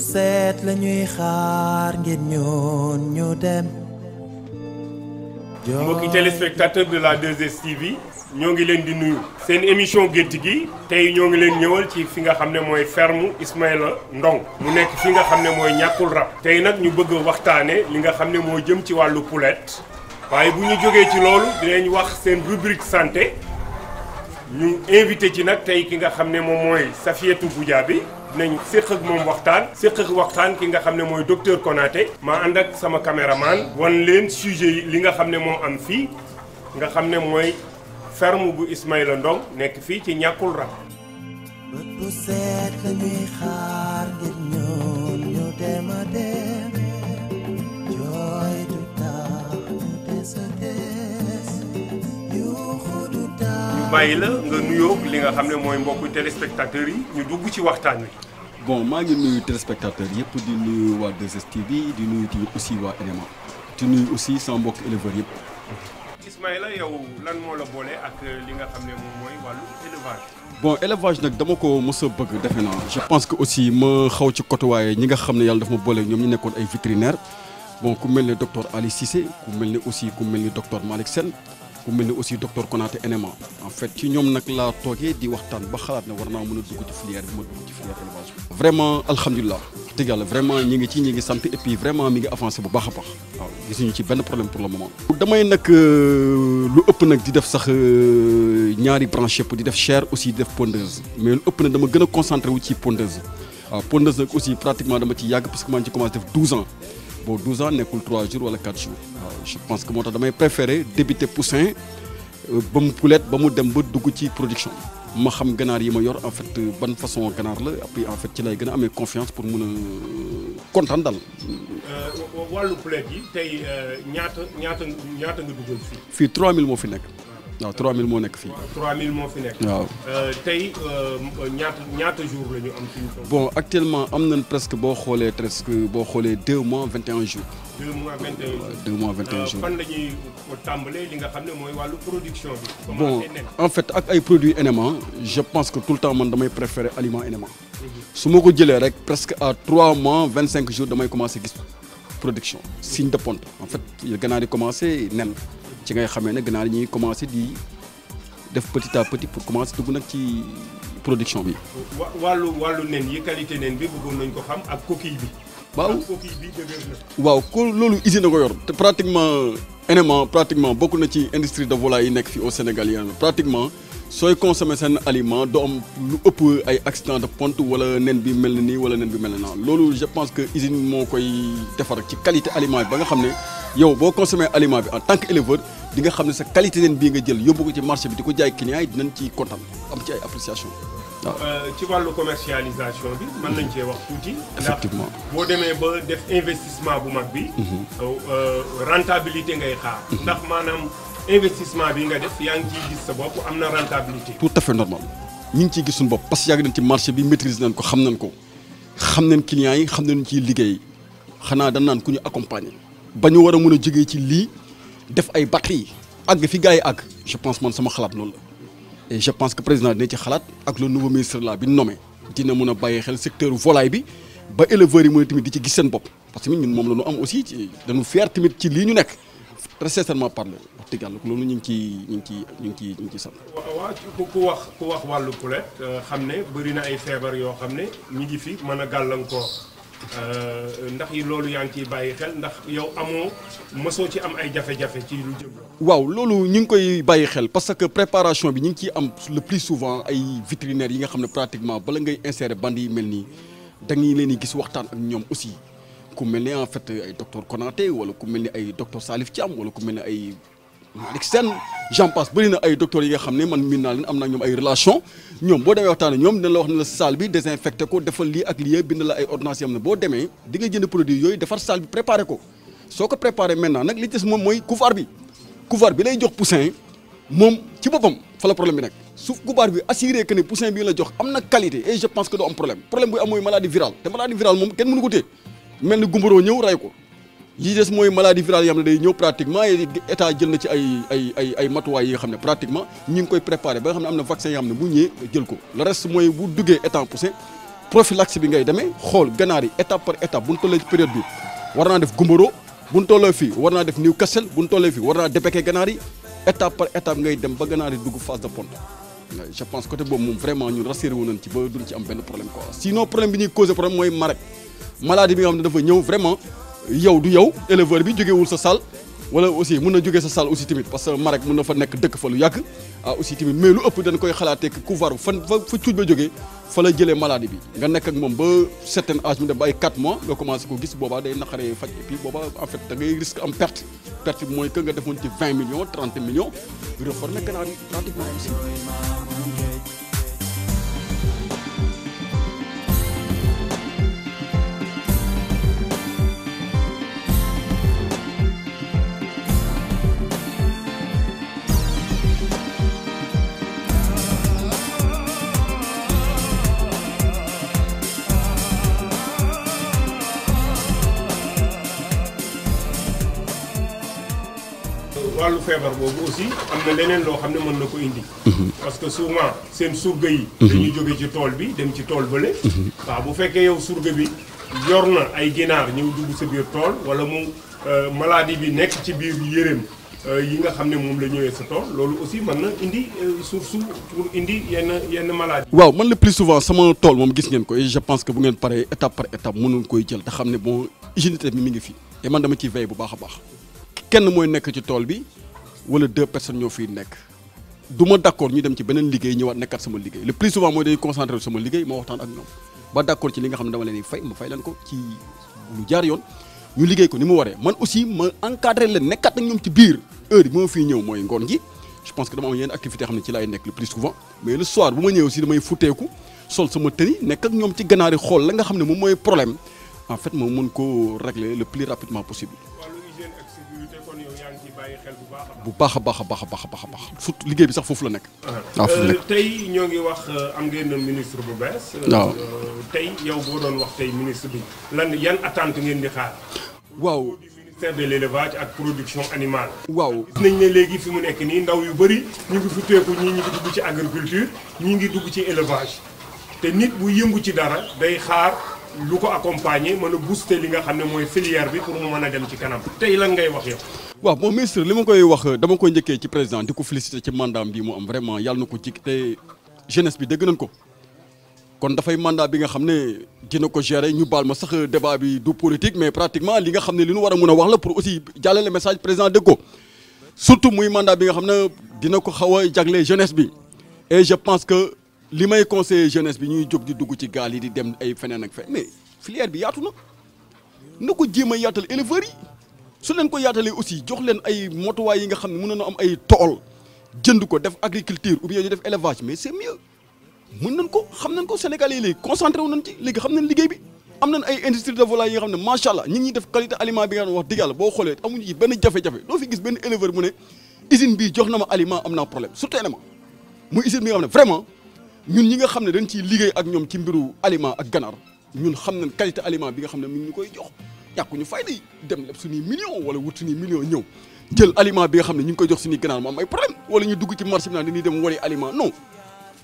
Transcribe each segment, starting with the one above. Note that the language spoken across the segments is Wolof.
seet lañuy xaar ngir ñoon ñu dem mbokki téléspectateur de la 2STV ñoo ngi leen di nuyu seen émission gént gi tey ñoo ngi leen ñëwal ci fi nga xam ne mooy ferme Ismaïla Ndong mu nekk fi nga xam ne mooy ñàkkul rab tey nag ñu bëgg waxtaane li nga xam ne moo jëm ci wàllu poulet waaye bu ñu jógee ci loolu dinañ wax seen rubrique santé ñu invité ci nag tey ki nga xam ne moom mooy Safiatou Goudiaby bi dinañ séq ak moom waxtaan séq ak waxtaan ki nga xam ne mooy docteur Konaté ma ànd ak sama caméraman wan leen sujet yi li nga xam ne moo am fii nga xam ne mooy ferme bu Ismaïla Ndong nekk fii ci ñàkkul rab bàyyi la nga nuyoo li nga xam ne mooy mbokku téléspectateurs yi ñu dugg ci waxtaan wi. bon maa ngi nuyu téléspectateur yëpp di nuyu waa 2 bi di nuyu tamit aussi waa élément di nuyu aussi sama mbokk éleveurs yëpp. Ismaïla yow lan moo la boole ak li nga xam ne moom mooy wàllu élevage. bon élevage nag dama ko mës a bëgg defe naa. je pense que aussi ma xaw ci côté waaye ñi nga xam ne yàlla dafa ma boole ñoom ñu nekkoon ay vétérinaire bon ku mel ne docteur Ali Cissé ku mel ne aussi ku mel ne docteur Malick Sène ku mel ni aussi docteur Konaté NMA en fait ci ñoom nag laa toogee di waxtaan ba xalaat ne war naa a dugg ci filière bi ma dugg ci filière élevage bi. vraiment ngi ci ñi ngi sant et vraiment mi ngi avancé bu baax a baax ci benn problème pour le moment. damay nag euh, lu ëpp nag di def sax euh, ñaari branche yëpp di def chair aussi di def pondeuse mais lu ëpp nag dama gën a concentré wu ci pondeuse waaw pondeuse nag aussi pratiquement dama ci yàgg parce que maa ngi ci def 12 ans. pour 12 ans nekkul 3 jours wala 4 jours waaw je pense que moo tax damay préféré débuter poussin euh, ba mu poulet ba mu dem ba dugg ci production ma xam ganaar yi ma yor en fait euh, ban façon ganaar la après en fait ci lay gën a amee confiance pour mun a euh, kontaan dal wàllu poulet yi tey ñaata ñaata ñaata nga dugal fii. trois mille moo fi nekk. waaw 3000 moo nekk fii. 3000 moo fi nekk. waaw euh, tey euh, ñaata ñaata jours la ñu am boo actuellement am na presque boo xoolee presque boo xoolee 2 mois 21 jours. 2 mois 21 jours 2 mois 21 euh, jours. fan la li nga xam ne mooy wàllu production bi. bon en fait ak ay produit NMA je pense que tout le temps man damay préférer aliment NMA. Mhm. su ma ko jëlee rek presque à trois mois 25 jours damay commencé gis production signe de ponte en fait gannaaw di commencé nen. ci ngay xamee nag ganaar ñuy commencé di def petit à pour commencer dugg nag ci production bi. wàllu wàllu nen yi qualité nen bi bëggoon nañ ko xam ak coquille bi. waaw waaw ko loolu usine ko yor te pratiquement énément pratiquement bokk na ci industrie de volaille yi nekk fii au Sénégal yéen pratiquement sooy consommer seen aliment doo am lu ëpp ay accident de pont wala nen bi mel na nii wala nen bi mel na naa loolu je pense que usine moo koy defar ci qualité aliment bi ba nga xam ne yow boo consommé aliment bi en tant que éleveur di nga xam ne sa qualité nen bii nga jël yóbbu ko ci marché bi di ko jaay client yi dinañ ci kontaan am ci ay Euh, ci wàllu commercialisation bi mën nañ cee wax tuuti. effectivement boo demee ba def investissement bu mag bi. Mhm. Euh, rentabilité ngay xaar. Mhm. ndax maanaam investissement bi nga def yaa ngi ciy gis sa bopp am na rentabilité. tout à fait normal ñu ngi ciy gis bopp parce que yàgg nañ ci marché bi maîtrise nañ ko xam nañ ko xam nañ clients yi xam nañ ci liggéey xanaa dañ naan ku ñu accompagner. ba ñu war a mën a jógee ci lii def ay batterie àgg fi gars yi àgg je pense man sama xalaat loolu la. et je pense que président dina ci xalaat ak le nouveau ministre là bi ñu nommé dina mun a bàyyi xel secteur volaille bi ba éleveurs yi mooy tamit di ci gis seen bopp parce que ñun moom la ñu am aussi ci dañu fier tamit ci lii ñu nekk très sincèrement parler wax dëgg loolu ñu ngi ciy ñu ngi ciy ñu ngi ciy ñu ngi ciy sant. waaw ku wax ku wax wàllu poulet euh, xam ne bëri na ay feebar yoo xam ne ñu ngi fi mën a gàllankoor. Euh, ndax yi loolu yaa ngi ciy bàyyi xel ndax yow amoo mësoo ci am ay jafe-jafe ci lu jëm. waaw loolu ñu ngi koy bàyyi xel parce que préparation bi ñu ngi ciy am le plus souvent ay vétérinaires yi nga xam ne pratiquement bala ngay insérer band yi mel nii dañuy leen di gis waxtaan ak ñoom aussi ku mel ne en fait ay docteur Konaté wala ku mel ni ay saalif ci am wala ku mel ni ay Malick Sène j'en passe bëri na ay docteurs yi nga xam ne man miin naa leen am naa ñoom ay relation ñoom boo demee waxtaan ak ñoom dina la wax ne la salle bi désinfecté ko defal lii ak lii bind la ay ordonnance yam ne boo demee di nga jënd produit yooyu defar salle bi préparé ko soo ko préparé maintenant nag li des moom mooy couvoir bi couvoir bi lay jox poussin moom ci boppam fa la problème bi nekk su couvoir bi assuré que ne poussin bi la jox am na qualité e je pense que doo am problème problème bu am mooy maladie virale te maladie virale ko téye mel ni ko yii des mooy maladie virale yoo xam ne day ñëw pratiquement état jël na ci ay ay yi xam ne pratiquement ñi ngi koy préparé ba nga xam ne am na vaccin yoo xam ne bu ñëwee jël ko le reste mooy bu duggee état poussé prophylaxe bi ngay demee xool ganaar yi étape par étape bu ñu tollee ci période bi war naa def gumboro bu fii war naa def Newcastle bu ñu tollee fii war naa dépeke ganaar yi étape par étape ngay dem ba ganaar yi dugg phase de ponte je pense côté boobu moom vraiment ñun rassuré wu nañ ci ba am benn problème quoi sinon vraiment yow du yow éleveur bi jógewul sa salle wala aussi mun na jóge sa salle aussi tamit parce que marek mun na fa nekk dëkk fa lu yàgg ah aussi tamit mais lu ëpp dañ koy xalaatee que couvoir fan fa fa cuuj ba jógee fa la jëlee maladie bi nga nekk ak moom ba certain âge mu dem ba ay 4 mois nga commencé ko gis boobaa day naqaree faj et en fait da ngay risque am perte perte bi mooy que nga defoon ci 20 millions 30 millions réformer ganaar bi pratiquement aussi wàllu feebar boobu aussi am na leneen loo xam ne mën na ko indi. parce que souvent seen surga yi. dañuy mhm. jóge ci tool bi dem ci tool bële. Mhm. waaw bu fekkee yow surga bi yor na ay ginaar ñëw dugg sa biir tool wala mu euh, maladie bi nekk ci biir yéreem euh, yi nga xam ne moom la ñëwee sa tool loolu aussi mën na indi euh, suuf suuf pour indi yenn yenn maladie. waaw man le plus souvent sama tool moom gis ngeen ko et je pense que bu ngeen paree étape par étape mënuñ koy jël te xam ne bon hygiène bi mi ngi fi et man dama ciy veille bu baax a baax. kenn mooy nekk ci tool bi wala deux personnes ñoo fiy nekk du ma d' accord ñu dem ci beneen liggéey ñëwaat nekkat sama liggéey le plus souvent mooy dañuy concentré sama liggéey ma waxtaan ak ñoom ba d' ci li nga xam ne dama fay ma fay leen ko ci lu jaar yoon ñu liggéey ko ni mu waree man aussi ma encadré leen nekkat ak ñoom ci biir heure bi ma fiy ñëw mooy ngoon gi je pense que dama am yenn activité xam ne ci laay nekk le plus souvent mais le la nga xam ne moom mooy problème en fait ma ko régler le plus rapidement possible bu baax a baax a baax a baax a baax fu liggéey bi sax foofu la nekk. waaw ah, foofu la nekk euh, tey ñoo ngi wax euh, am ngeen ministre bu bees. Euh, waaw tey yow boo doon wax tey ministre bi lan yan attente ngeen di xaar. waaw ministère de l' élevage ak production animale. waaw gis nañ ne léegi fi mu nekk nii ndaw yu bëri ñu ngi futteeku ñii ñu ngi dugg ci agriculture ñii ngi dugg ci élevage te nit bu yëngu ci dara day xaar. lu ko accompagner mën a booster li nga xam ne mooy filière bi pour mu mën a dem ci kanam tey lan ngay wax yow. waaw moom ministre li ma koy wax dama koy njëkkee ci président di ko féliciter ci mandat bi mu am vraiment yàlla na ko jik te jeunesse bi dégg nañ ko. kon dafay mandat bi nga xam ne dina ko gérer ñu baal ma sax débat bi du politique mais pratiquement li nga xam ne li nu war a mën a wax la pour aussi jàllale message président dégg ko surtout muy mandat bi nga xam ne dina ko xaw a jagle jeunesse bi et je li may conseiller jeunesse bi ñuy jog di dugg ci gaal yi di dem ay feneen ak feneen mais filière bi yaatu na na ko jéem a yaatal éleveurs yi su leen ko yaatalee aussi jox leen ay motuwaay yi nga xam ne mun na am ay tool jënd ko def agriculture ou ñu def élevage mais c'est mieux ko xam nañ ko Sénégalais yi léegi concentré wu nañ ci léegi xam ne liggéey bi am nañ ay industrie de volaille yi xam ne macha allah ñi ñuy def qualité aliment bi nga xam ne wax dëgg boo xoolee amuñu ci benn jafe-jafe doo fi gis benn éleveur mu ne usine bii jox na aliment am naa problème surtout ma muy usine bi nga xam vraiment ñun ñi nga xam ne dañu ciy liggéey ak ñoom ci mbiru aliment ak ganaar ñun xam nañ qualité aliment bi nga xam ne mi ngi ñu koy jox ñàkku ñu fay di dem leb suñuy million wala wut suñuy million ñëw jël aliment bi nga xam ne ñu ngi koy jox suñuy ganaar mu am ay problème wala ñu dugg ci marché bi naan dañuy dem wari aliment non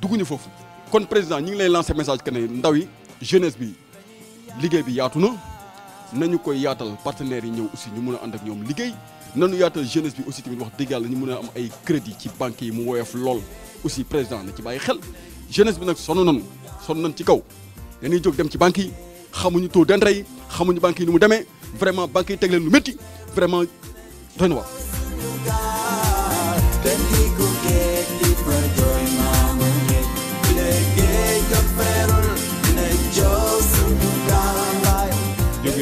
dugguñu foofu kon président ñi ngi lay lancer message que ndaw yi jeunesse bi liggéey bi yaatu na nañu koy yaatal partenaires yi ñëw aussi ñu mun a ànd ñoom liggéey nañu yaatal jeunesse bi aussi tamit wax dëgg ñu mën a am ay crédit ci banques yi mu woyof lool aussi président na ci bàyyi xel jeunesse bi nag sonn nañu sonn nañu ci kaw dañuy jóg dem ci banques yi xamuñu taux d'intérêt xamuñu banques yi mu demee vraiment banques yi teg leen lu vraiment doy na waar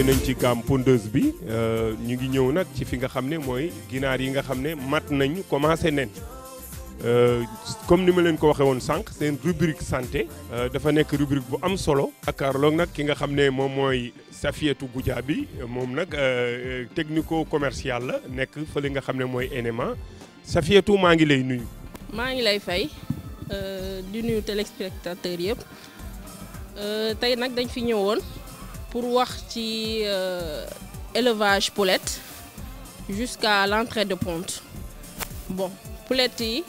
nañ ci gamme pondeuse bi euh, ñu ngi ñëw nag ci fi nga xam ne mooy ginaar yi nga xam ne mat nañ commencé nen Euh, comme ni ma leen ko waxee woon sànq seen rubrique santé euh, dafa nekk rubrique bu am solo akaarloog nag ki nga xam ne moom mooy Safiatou Goudiaby moom nag euh, technique commercial la nekk fële nga xam ne mooy NMA Safiatou maa ngi lay nuyu maa ngi lay fay di nuyu téléspectateurs yëpp tey nag dañ fi woon pour wax ci élevage poulette jusqu'à l'entrée de ponte bon poulette yi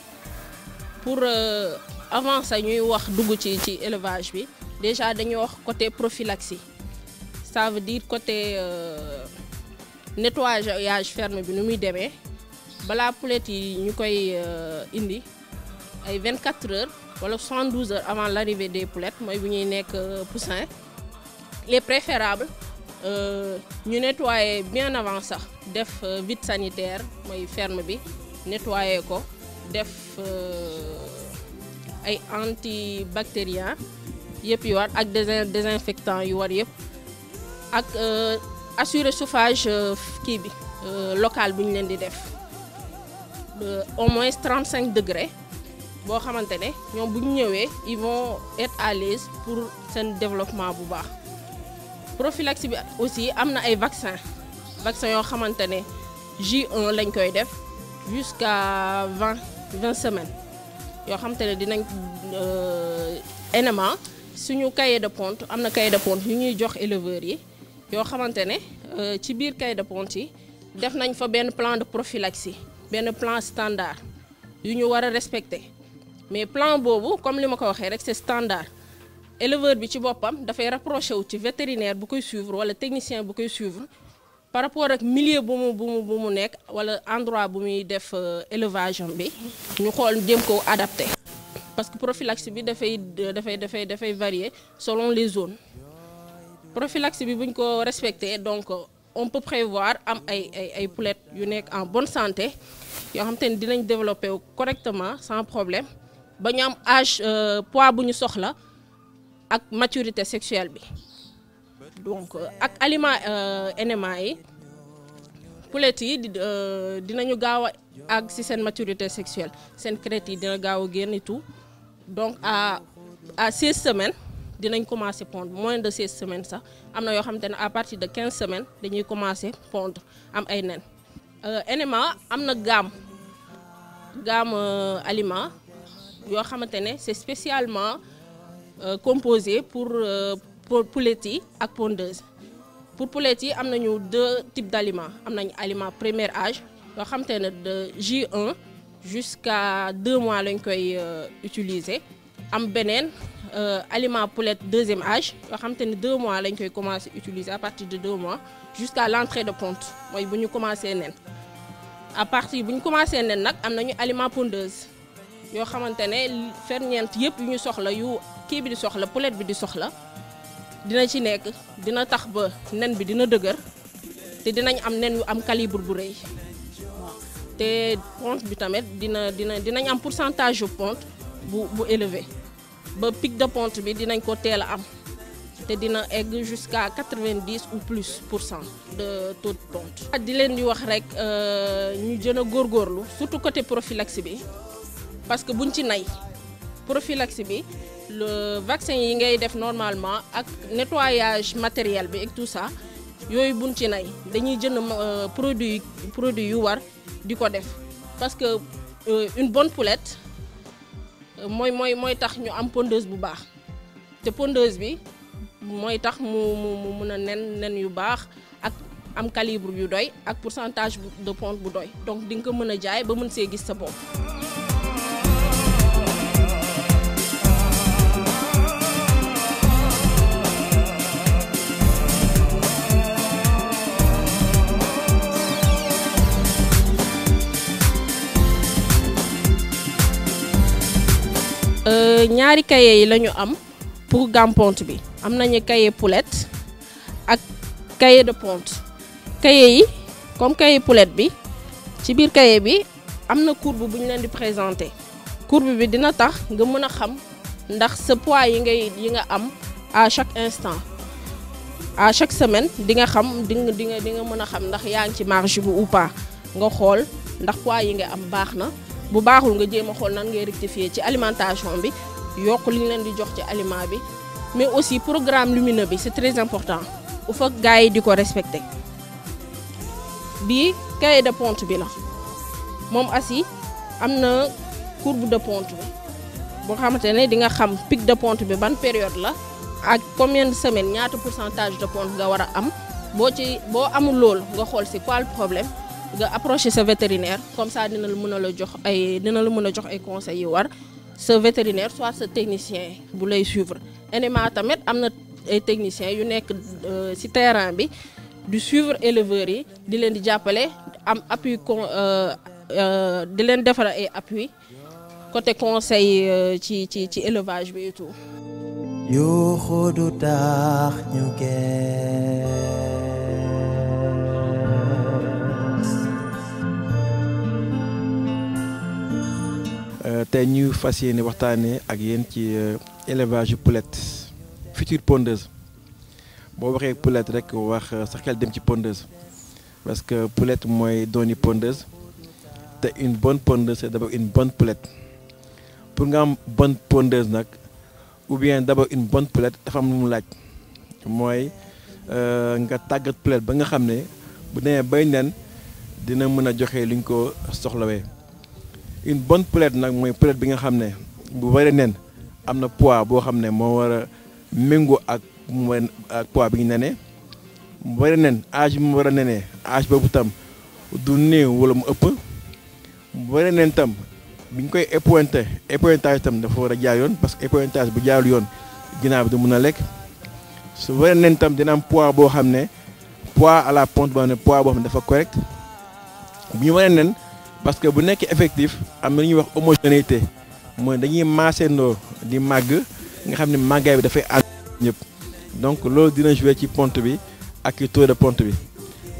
pour euh, avant ça ñuy wax dugg ci ci élevage bi déjà dañuy wax côté prophylaxie sa veut dire côté euh, nettoyage ferme bi nu muy demee balaa poulet yi ñu koy euh, indi ay 24 heures wala 72 heures avant l'arrivée des poulettes mooy bu ñuy nekk poussin il est préférable ñu nettoyer bien avant sax def vide sanitaire mooy ferme bi nettoyer ko. def euh, ay antibactérien yëpp yu war ak désinfectant yu war yëpp ak euh, assurer chauffage euh, kii bi local bi ñu leen di def au moins trente cinq degrés boo xamante ne ñoom bu ñëwee ils vont être à l'aise pour seen développement bu baax prophylaxie bi aussi am na ay vaccin vaccin yoo xamante ne J1 lañ koy def jusqu'à vingt semaines yoo xam ne dinañ euh, NMA suñu cahier de ponte am na cahier de ponte yu ñuy jox éleveurs yi yoo xamante ne euh, ci biir cahier de ponte yi def nañ fa benn plan de prophylaxie benn plan standard yu ñu war a respecter mais plan boobu comme li ma ko waxee rek c'est standard éleveur bi ci boppam dafay rapproché wu ci vétérinaire bu koy suivre wala technicien bu koy suivre par rapport ak milieu bu mu bu mu nekk wala endroit bu muy def euh, élevage bi ñu xool jéem ko adapté parce que prophylaxie bi dafay dafay dafay dafay varier selon les zones prophylaxie bi buñ ko respecté donc on peut prévoir am ay ay ay yu nekk en bonne santé yoo xam te ne dinañ développé correctement sans problème ba ñu am âge euh, poids bu ñu soxla ak maturité sexuelle bi donc ak aliment euh, NMA yi poulet yi euh, dinañu gaaw a àgg ci seen maturité sexuelle seen crête yi dina gaaw a génn tout donc à à 16 semaines dinañ commencer pondre moins de 16 semaine sax am na yoo xamante ne à partir de 15 semaines dañuy commencer pondre am ay nen euh, NMA am na gamme gamme aliment yoo xamante ne c'est spécialement composé pour pour poulettes yi ak pondeuses pour poulet yi am nañu deux types d' aliments am nañu aliment premier age yoo xam ne de J1 jusqu'à deux mois lañ koy euh, utiliser am beneen euh, aliment poulette deuxième âge yoo xam te deux mois lañ koy commencé utiliser à partir de deux mois jusqu'à l'entrée de ponte mooy bu ñu commencé nen à partir bu ñu commencé nen nag am nañu aliment pondeuse yoo xamante ne ferñeent yëpp yu ñu soxla yu kii bi di soxla poulette bi di soxla dina ci nekk dina tax ba nen bi dina dëgër te dinañ am nen yu am calibre bu rëy te ponte bi tamit dina dina dinañ am pourcentage yu ponte bu bu élevé ba pic de ponte bi dinañ ko teel a am te dina egg jusqu'à 90 ou plus pour cent de taux de ah, di leen di wax rek euh, ñu jën góor góorlu surtout côté prophylaxie bi parce que buñ ci nay. prophylaxie bi le vaccin yi ngay def normalement ak nettoyage matériel bi ak tout ça yooyu bun ci nay dañuy jënd euh, produit produit yu war di ko def parce que euh, une bonne poulette euh, mooy mooy mooy tax ñu am pondeuse bu baax te pondeuse bi mooy tax mu mu mu mun a nen nen yu baax ak am calibre yu doy ak pourcentage de ponte bu doy donc di nga ko mën a jaay ba mën see gis sa bopp. Euh, ñaari cahier yi la ñu am pour gamme ponte bi am nañu cahier poulette ak cahier de ponte cahier yi comme cahier poulette bi ci biir cahier bi am na courbe bu ñu leen di présenter courbe bi dina tax nga mën a xam ndax sa poids yi ngay yi nga am à chaque instant à chaque semaine di nga xam di nga di nga di nga mën a xam ndax yaa ngi ci marge bi ou pas nga xool ndax poids yi nga am baax na bu baaxul nga jéem a xool nan ngay rectifier ci alimentation bi yokk li ñu leen di jox ci aliment bi mais aussi programme lumineux bi c'est très important bu fa gars yi di ko respecter bi cahier de ponte bi la moom assi am na courbe de ponte bi boo xamante ne di nga xam pic de ponte bi ban période la ak commune de semaines ñaata pourcentage de ponte nga war a am boo ci boo amul loolu nga xool si quoi problème nga approché sa vétérinaire comme ça dina la mën a la jox ay dina la mën a jox ay conseil yu war sa vétérinaire soit sa technicien bu lay suivre NMA tamit am na ay techniciens yu nekk euh, ci terrain bi du suivre éleveurs yi di leen di jàppale am appui con euh, euh, di leen defar ay appui côté conseil ci ci ci élevage bi et tout. tey ñu fas yéene waxtaanee ak yéen ci euh, élevage yu poulette future pondeuse boo waxee poulette rek wax euh, sa xel dem ci pondeuse parce que poulette mooy dooni pondeuse te une bonne pondeuse c'est d'abord une bonne poulette pour nga am bonne pondeuse nag ou bien d'abord une bonne poulette dafa am lu mu laaj mooy euh, nga tàggat poulette ba nga xam ne bu demee bay nen dina mën a joxe li ñu ko soxlawee. une bonne pelette nag mooy pelette bi nga xam ne bu waree nen am na pois boo xam ne moo war a méngoo ak mu war bi ñu nenee mu waree nen âge bi mu war a nenee âge boobu tam du néew wala mu ëpp mu waree nen tam bi ñu koy épointé épointage tam dafa war a jaar yoon parce que épointage bu jaarul yoon ginaar bi du mun a lekk su waree nen tam dina am poids boo xam ne pois à la ponte boo xam ne poids boo xam ne dafa correct bu ñu waree nen. parce que bu nekk effectif am na lu ñuy wax homogénéité mooy dañuy maasandoo di màgg nga xam ne màggaay bi dafay ànd ñëpp donc loolu dina jouer ci ponte bi ak taux de ponte bi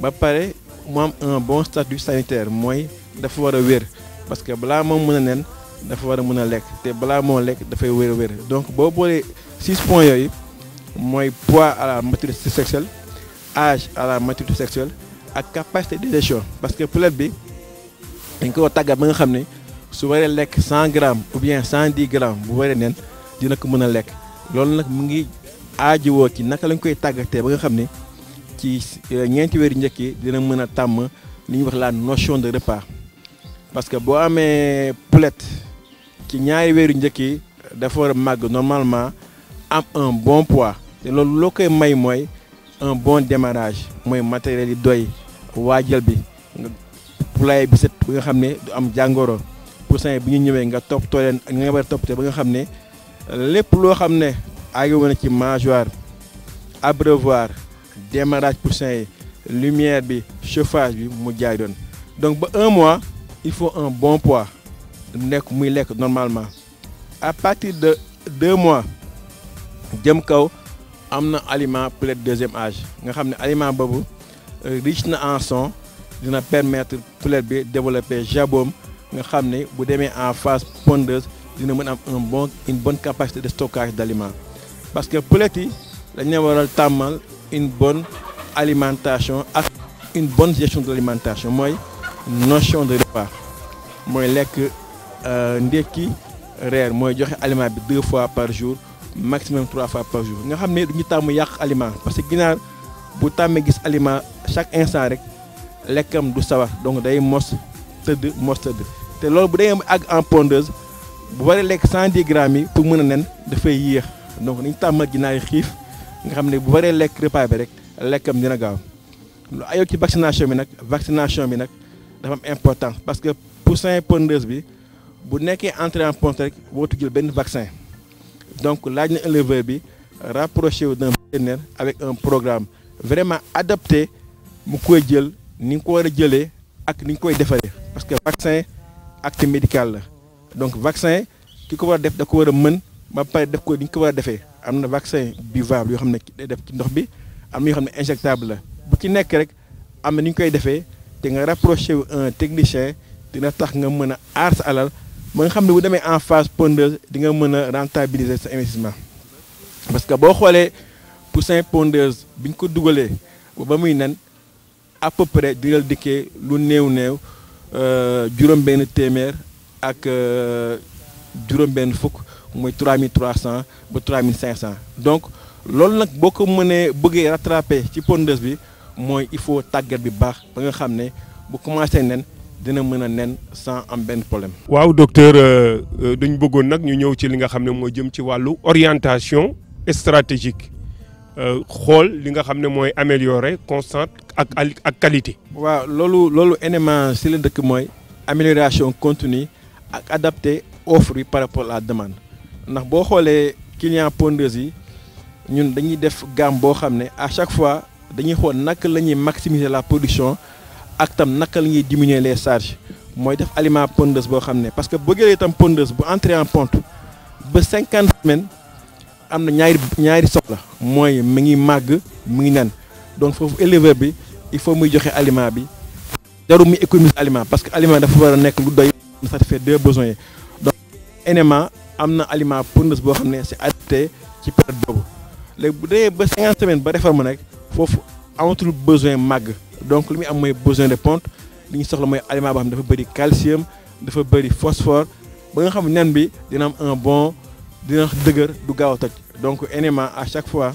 ba pare mu am un bon statut sanitaire mooy dafa war a wér parce que balaa moo mën a nen dafa war a mën a lekk te balaa moo lekk dafay wér wér donc boo boolee six points yooyu mooy poids à la maturité sexuelle age à la maturité sexuelle ak capacité de gestion parce que peut bi dañ ko tàggat ba nga xam ne su waree lekk cent gramme oubien cent di grammes bu waree nen dina ko mën a lekk loolu nag mu ngi aajowoo ci naka lañ koy tàggatee ba nga xam ni ci euh, ñeenti weer njëkk yi dina mën a tàmm li ñuy wax la notion de repas parce que boo amee poulet ci ñaari weeru njëkk yi dafa war a màgg normalement am un bon poids te loolu loo koy may mooy un bon démarrage mooy matériel yi doy waajal bi poulailler bi set ba nga xam ne du am jàngoro poussin yi bu ñu ñëwee nga toppatoo leen nga nga war a toppatoo nga xam ne lépp loo xam ne aagewoon na ci mangeoire abreuvoir démarrage poussin yi lumière bi chauffage bi mu jaay doon donc ba un mois il faut un bon poids nekk muy lekk normalement à partir de deux mois jëm kaw am na aliment pour le deuxième age nga xam ne aliment boobu euh, riche na en son dina permettre poulet bi développer jaboom nga xam ne bu demee en phase pondeuse dina mën am un bon une bonne capacité de stockage d' aliments parce que poulet yi dañ leen waral tàmmal une bonne alimentation ak une bonne gestion de l' mooy notion de repas mooy lekk euh, ndékki reer mooy joxe aliment bi deux fois par jour maximum trois fois par jour nga xam ne du ñu tàmm yàq aliment parce que ginaar bu tàmmee gis aliment chaque instant rek. lekkam du sawar donc day mos tëdd mos tëdd te loolu bu dee àgg en pondeuse bu waree lekk cent dix grammes yi pour mën a nen dafay yéex donc dañu tàmmal ginaar yi xiif nga xam ne bu waree lekk repas bi rek lekkam dina gaaw lu ayoo ci vaccination bi nag vaccination bi nag dafa am importance parce que poussin pondeuse bi bu nekkee entrée en ponte rek wootu jël benn vaccin donc laaj na éleveur bi rapproché wu d'un partenaire avec un programme vraiment adapté mu koy jël ni nga ko war a jëlee ak ni nga koy defaree parce que vaccin acte médical la donc vaccin ki ko war a def da ko war a mën ba pare def ko ni ko war a defee am na vaccin buvable yoo xam ne day def ci ndox bi am na yoo xam ne injectable la bu ci nekk rek am na ni ñu koy defee te nga rapproché wu un technicien dina tax nga mën a aar sa alal ba nga xam ne bu demee en phase pondeuse di nga mën a rentabiliser sa investissement parce que boo xoolee poussin pondeuse bi ñu ko dugalee ba muy nen. à peu près di leen dikkee lu néew-néew euh, juróom-benn téeméer ak euh, juróom-benn fukk mooy 3300 ba 3500 donc loolu nag boo ko mënee bëggee rattraper ci pondeuse bi mooy il faut tàggat bi baax ba nga xam ne bu commencé nen. dina mën a nen sans am benn problème. waaw docteur euh, dañu bëggoon nag ñu ñëw ci li nga xam ne moo jëm ci wàllu orientation stratégique Euh, xool li nga xam ne mooy améliorer constante ak ak qualité. waaw loolu loolu NMA si la dëkk mooy amélioration continue ak adapté offre yi par rapport la demande ndax boo xoolee client pondeuses yi ñun dañuy def gamme boo xam ne à chaque fois dañuy xool naka la ñuy maximiser la production ak tam nak la ñuy diminuer les charges mooy def aliment pondeuse boo xam ne parce que boo jëlee itam pondeuse bu entrer en ponte ba cinquante semaines. am na ñaari ñaari soxla mooy mu ngi màgg mu ngi nen donc foofu éleveur bi il faut muy joxe aliment bi jarul muy économiser aliment parce que aliment dafa war a nekk lu doy mu satisfaire deux besoins yi donc énément am na aliment pondeuse boo xam ne c'est adapté ci période boobu léegi bu dee ba cinquante semaines ba mu nekk foofu amatul besoin màgg donc li muy am mooy besoin de pont li ñu soxla mooy aliment boo xam ne dafa bëri calcium dafa bëri phosphore ba xam nen bi dina am un bon dina dëgër du gaaw a toj donc NMA à chaque fois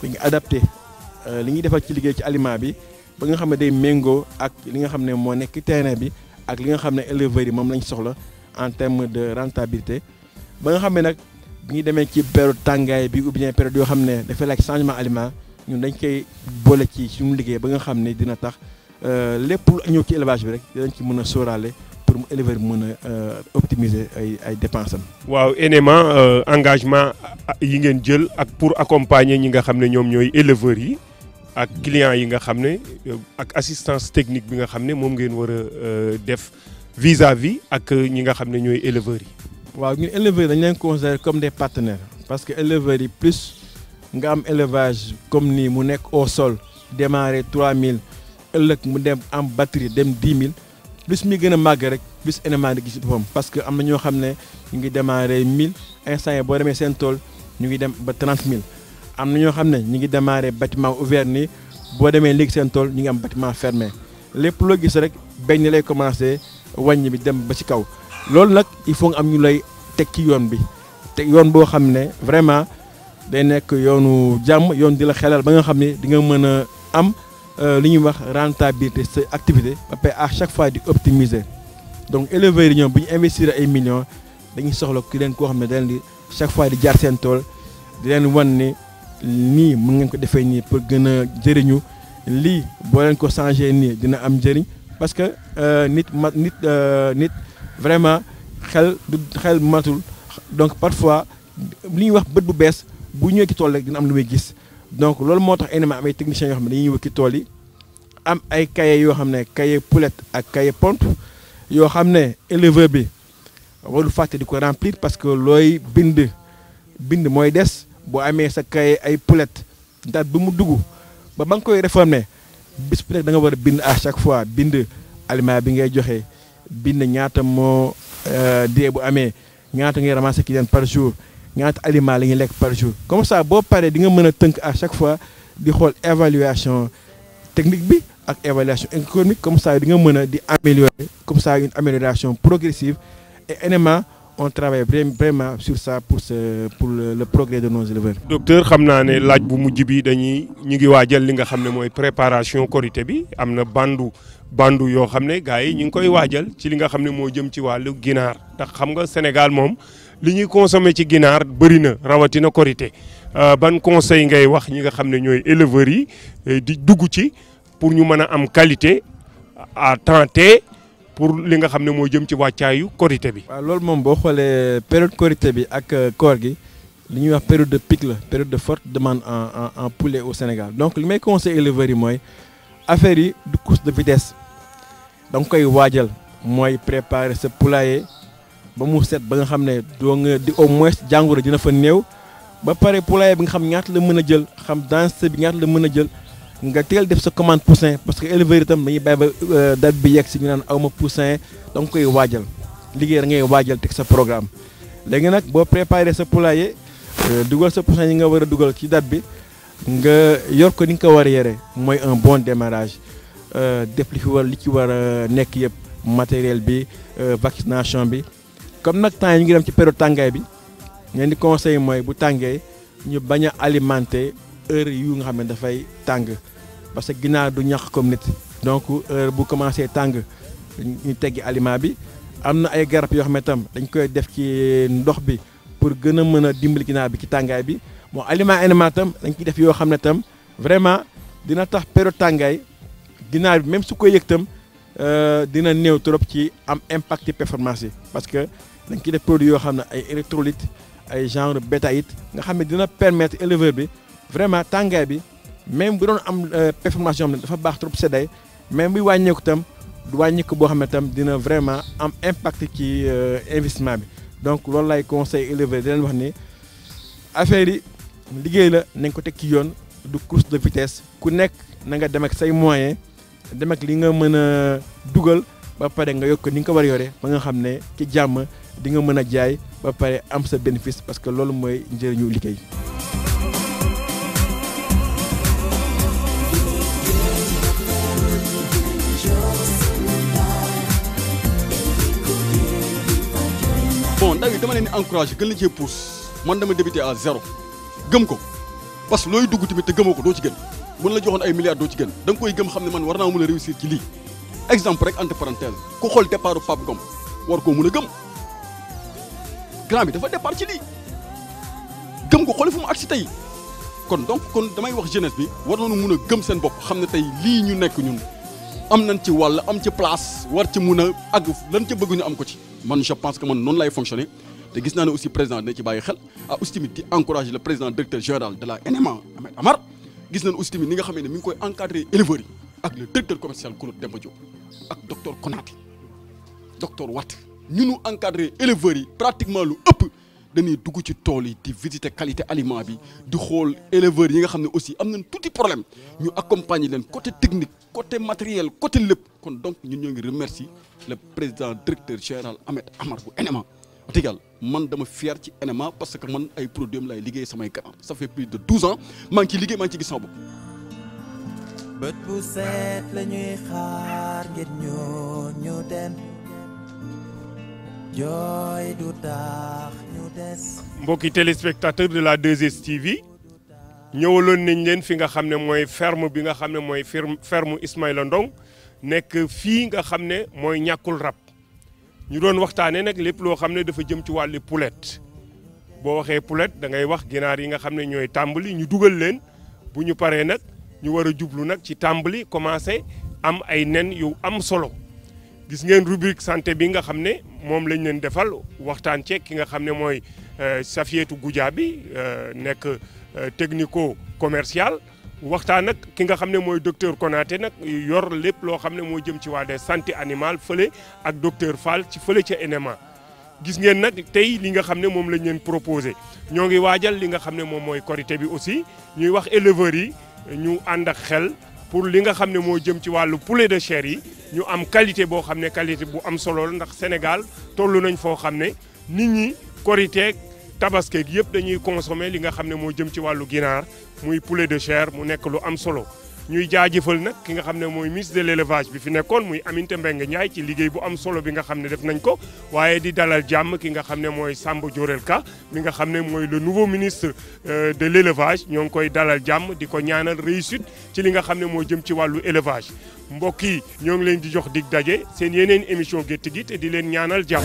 dañuy adapté euh, li ñuy defal ci liggéey ci aliment bi ba nga xam ne day méngoo ak li nga xam ne moo nekk terrain bi ak li nga xam ne éleveurs yi moom lañ soxla en terme de rentabilité ba nga xam ne nag bi ñu demee ci période tàngaay bi ou bien période yoo xam ne dafay laaj changement aliment ñun dañ koy boole ci suñu liggéey ba nga xam ne dina tax euh, lépp lu ñëw ci élevage bi rek dañ ci mën a sooraale mu éleveur mu mën a euh, optimiser ay ay dépenses waaw énément euh, engagement yi ngeen jël ak pour accompagner ñi nga xam ne ñoom ñooy éleveurs yi ak clients yi nga xam ne euh, ak assistance technique bi nga xam ne moom ngeen war a def vis-à-vis ak ñi nga xam ne ñooy éleveurs yi. waaw ñun éleveurs dañ leen considérer comme des partenaires parce que éleveurs yi plus nga am élevage comme nii mu nekk au sol trois mille ëllëg mu dem am batterie dem 10 000. bis mi gën a màgg rek bis élément di gis boppam parce que am na ñoo xam ne ñu ngi démarré mille instant yi boo demee seen tool ñu ngi dem ba mille am na ñoo xam ne ñu ngi démarré bâtiment ouvert nii boo demee léegi seen tool ñu ngi am batiment fermé lépp loo gis rek benn lay commencé wàññi bi dem ba ci kaw loolu nag il foo nga am ñu lay teg ci yoon bi te yoon boo xam ne vraiment day nekk yoonu jàmm yoon di la xelal ba nga xam ne di nga mën a am Euh, li ñuy wax rentabilité sa activité ba pare à chaque fois di optimiser donc éleveurs bu ñu investir ay millions dañuy soxla ki leen koo xam ne da leen di chaque fois di jaar seen tool di leen wan ne nii mën ngeen ko defee nii pour gën a jëriñu lii boo leen ko changé nii dina am njëriñ parce que euh, nit mat nit euh, nit vraiment xel du xel matul donc parfois li ñuy wax bët bu bees bu ñëwee ci tool rek dina am lu muy gis. donc loolu moo tax ENEMA am ay techniciens yoo xam ne dañuy wëkki tool yi am ay cahier yoo xam ne cahier poulette ak cahier ponte yoo xam ne éleveur bi warul fàtte di ko remplir parce que looy bind bind mooy des boo amee sa cahier ay poulette date bi mu dugg ba ba nga koy réformer bis bu nekk da nga war a bind à chaque fois bind aliment bi ngay joxe bind ñaata moo euh, dee bu amee ñaata ngay ramasser ki par jour. ñaata aliment la ñuy lekk par jour comme ça boo paree di nga mën a tënk à chaque fois di xool évaluation technique bi ak évaluation économique comme ça di nga mën a di améliorer comme ça une amélioration progressive et énormément on travaille vraiment sur ça pour ce pour le progrès de nos éleveurs. docteur xam naa ne laaj bu mujj bi dañuy ñu ngi waajal li nga xam ne mooy préparation korité bi am na bandu bandu yoo xam ne gars yi ñu ngi koy waajal ci li nga xam ne moo jëm ci wàllu ginaar ndax xam nga Sénégal moom li ñuy consommer ci ginaar bëri na rawatina korité euh, ban conseil ngay wax ñi nga xam ne ñooy éleveurs yi euh, di dugg ci pour ñu mën a am qualité à temps pour li nga xam ne moo jëm ci wàccaayu korité bi. waaw loolu moom boo xoolee période korité bi ak euh, koor gi li ñuy wax période de pic la période de forte demande en en poulet au Sénégal donc li may conseil éleveurs yi mooy affaire yi du course de vitesse da koy waajal mooy préparer sa poulailler ba mu set ba nga xam ne doo nga di au moins jàngoro dina fa néew ba pare poulailler bi nga xam ñaata la mën a jël xam danse bi ñaata la mën a jël. nga teel def sa commande poussin parce que éleveur itam dañuy bàyyi ba euh, date bi yegg si ñu naan aw ma poussin da nga koy waajal liggéey da ngay waajal teg sa programme léegi nag boo préparé sa poulailler euh, dugal sa poussin yi nga war a dugal ci date bi nga yor ko ni nga ko war a yore mooy un bon démarrage euh, def li fi war li ci war a nekk yëpp matériel bi vaccination bi comme nag temps yi ñu ngi dem ci période tàngaay bi ngeen di conseil mooy bu tàngee ñu bañ a alimenter. heure yu nga xam ne dafay tàng parce que ginaar du ñax comme nit donc heure bu commencer tàng ñu teggi aliment bi am na ay garab yoo xam ne tam dañ koy def ci ndox bi pour gën a mën a dimbali ginaar bi ci tàngaay bi moo aliment aliment tam dañ ciy def yoo xam ne tam vraiment dina tax période tàngaay ginaar bi même su koy yëg tam euh, dina néew trop ci am impact ci performance yi parce que dañ ciy def produit yoo xam ne ay électrolyte ay genre bétaïte nga xam dina permettre éleveur bi vraiment tàngaay bi même bu doon am euh, performance yoo dafa baax trop sedday même bi wàññeeku itam du wàññeeku boo xam ne itam dina vraiment am impact ci euh, investissement bi donc loolu lay conseil élevé di leen wax ni affaire yi liggéey la nañ ko teg ci yoon du course de vitesse ku nekk na nga dem ak say moyen dem ak li nga mën a dugal ba pare nga yokk ni nga ko war a yore ba nga xam ne ci jàmm di nga mën a jaay ba pare am sa bénéfice parce que loolu mooy njëriñu liggéey. dama leen di encouragé gën la cee pousse man dama débuté à zéro gëm ko parce que looy dugg tamit te gëmoo ko doo ci gën mën la joxoon ay milliards doo ci gën da koy gëm xam ne man war naa mën a réussir ci lii exemple rek entre parenthèse xool départu Pape Ngom war ko mun a gëm grand bi dafa départ ci lii gëm ko xool fu mu agsi tey kon donc kon damay wax jeunesse bi war nañu mun a gëm seen bopp xam ne tey lii ñu nekk ñun am nañ ci wàll am ci place war ci mun a àgg lan ca bëgg ñu am ko ci man je pense que man noonu lay fonctionner te gis naan aussi président dina ci bàyyi xel a ah, aussi tamit di encourager le président directeur général de la NMA Ahmed Amar gis naan aussi tamit ni nga xamee ne mi ngi koy encadrer éleveurs yi ak le directeur commercial Claude Demba Diop ak docteur Konaté docteur Watt ñu nu encadrer éleveurs yi pratiquement lu ëpp dañuy dugg ci tool yi di visiter qualité aliment bi di xool éleveurs yi nga xam ne aussi am nañ touti problème ñu accompagner leen côté technique côté matériel côté lépp kon donc ñun ñoo ngi remercier le président directeur général Ahmed Amar bu Tigal man dama fier ci NMA parce man ay produit am liggéey samay kanam ça fait de douze ans maa ngi ciy gis sama bopp. bët bu set la mbokki téléspectateur de la 2STV ñëwaloon nañ leen fi nga xam ne mooy ferme bi nga xam ne mooy ferme Ismaïla Ndong nekk fii nga xam ne mooy ñàkkul rab. ñu doon waxtaanee nag lépp loo xam ne dafa jëm ci wàlli poulet boo waxee poulet da ngay wax ginaar yi nga xam ne ñooy tàmbali ñu dugal leen bu ñu paree nag ñu war a jublu nag ci tàmbali commencé am ay nen yu am solo gis ngeen rubrique santé bi nga xam ne moom lañ leen defal waxtaan ceeg ki nga xam ne mooy euh, Safietou Goudia bi euh, nekk euh, technico commercial. waxtaan nag ki nga xam ne mooy docteur Konaté nag yor lépp loo xam ne moo jëm ci wàllu santé animal fële ak docteur Fall ci fële ci NMA. gis ngeen nag tey li nga xam ne moom lañ leen proposé ñoo ngi waajal li nga xam ne moom mooy korité bi aussi ñuy wax éleveurs yi ñu ànd ak xel pour li nga xam ne moo jëm ci wàllu poulet de chair yi ñu am qualité boo xam ne qualité bu am solo ndax Sénégal toll nañ foo xam ne nit ñi koriteeg tabaskeeg yëpp dañuy consommer li nga xam ne moo jëm ci wàllu ginaar muy poulet de chair mu nekk lu am solo ñuy jaajëfal nag ki nga xam ne mooy ministre de l'élevage bi fi nekkoon muy Aminata Mbengue Ndiaye ci liggéey bu am solo bi nga xam ne def nañ ko waaye di dalal jàmm ki nga xam ne mooy Samba Diorel Ka mi nga xam ne mooy le nouveau ministre euh, de l'élevage ñoo ngi koy dalal jàmm di ko ñaanal réussite ci li nga xam ne moo jëm ci wàllu élevage mbokk yi ñoo ngi leen di jox dig daje seen yeneen émission gétt gi te di leen ñaanal jàmm